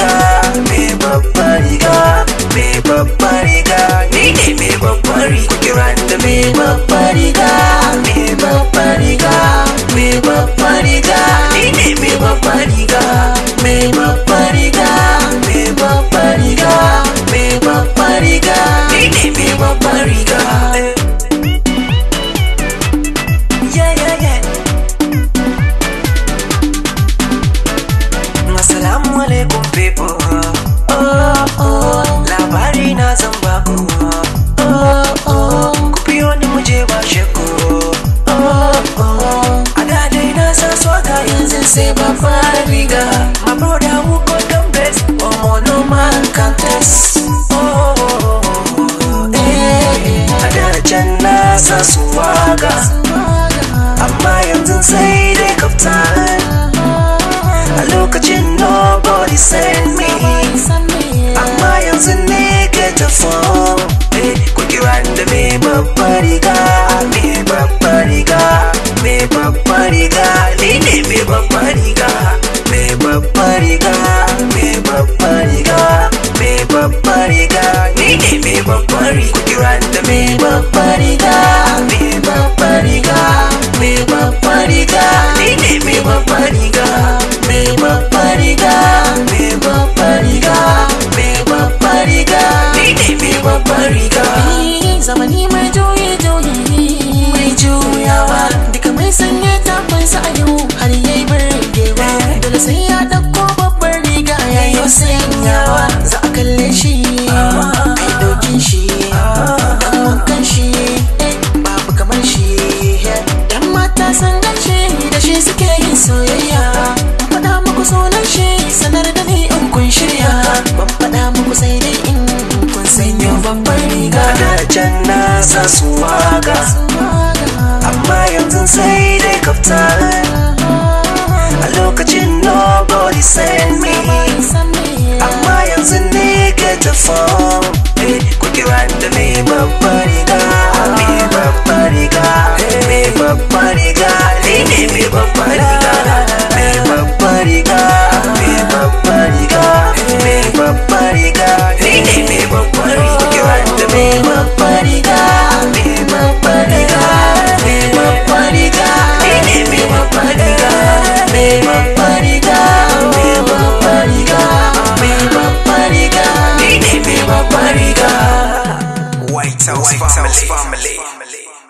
riga me babbar riga me babbar riga ni ne me riga da me riga people riga mai riga mai babban riga mai babban riga ku riga riga riga ne mai babban riga mai riga riga riga ni mai babban riga zamani mai juye juye mai juyawa duka mai sanya tafansa a yau har yayi birgewa dole sai ya dauka sa su waka amma yanzu sai dai kaftar Tales family. family.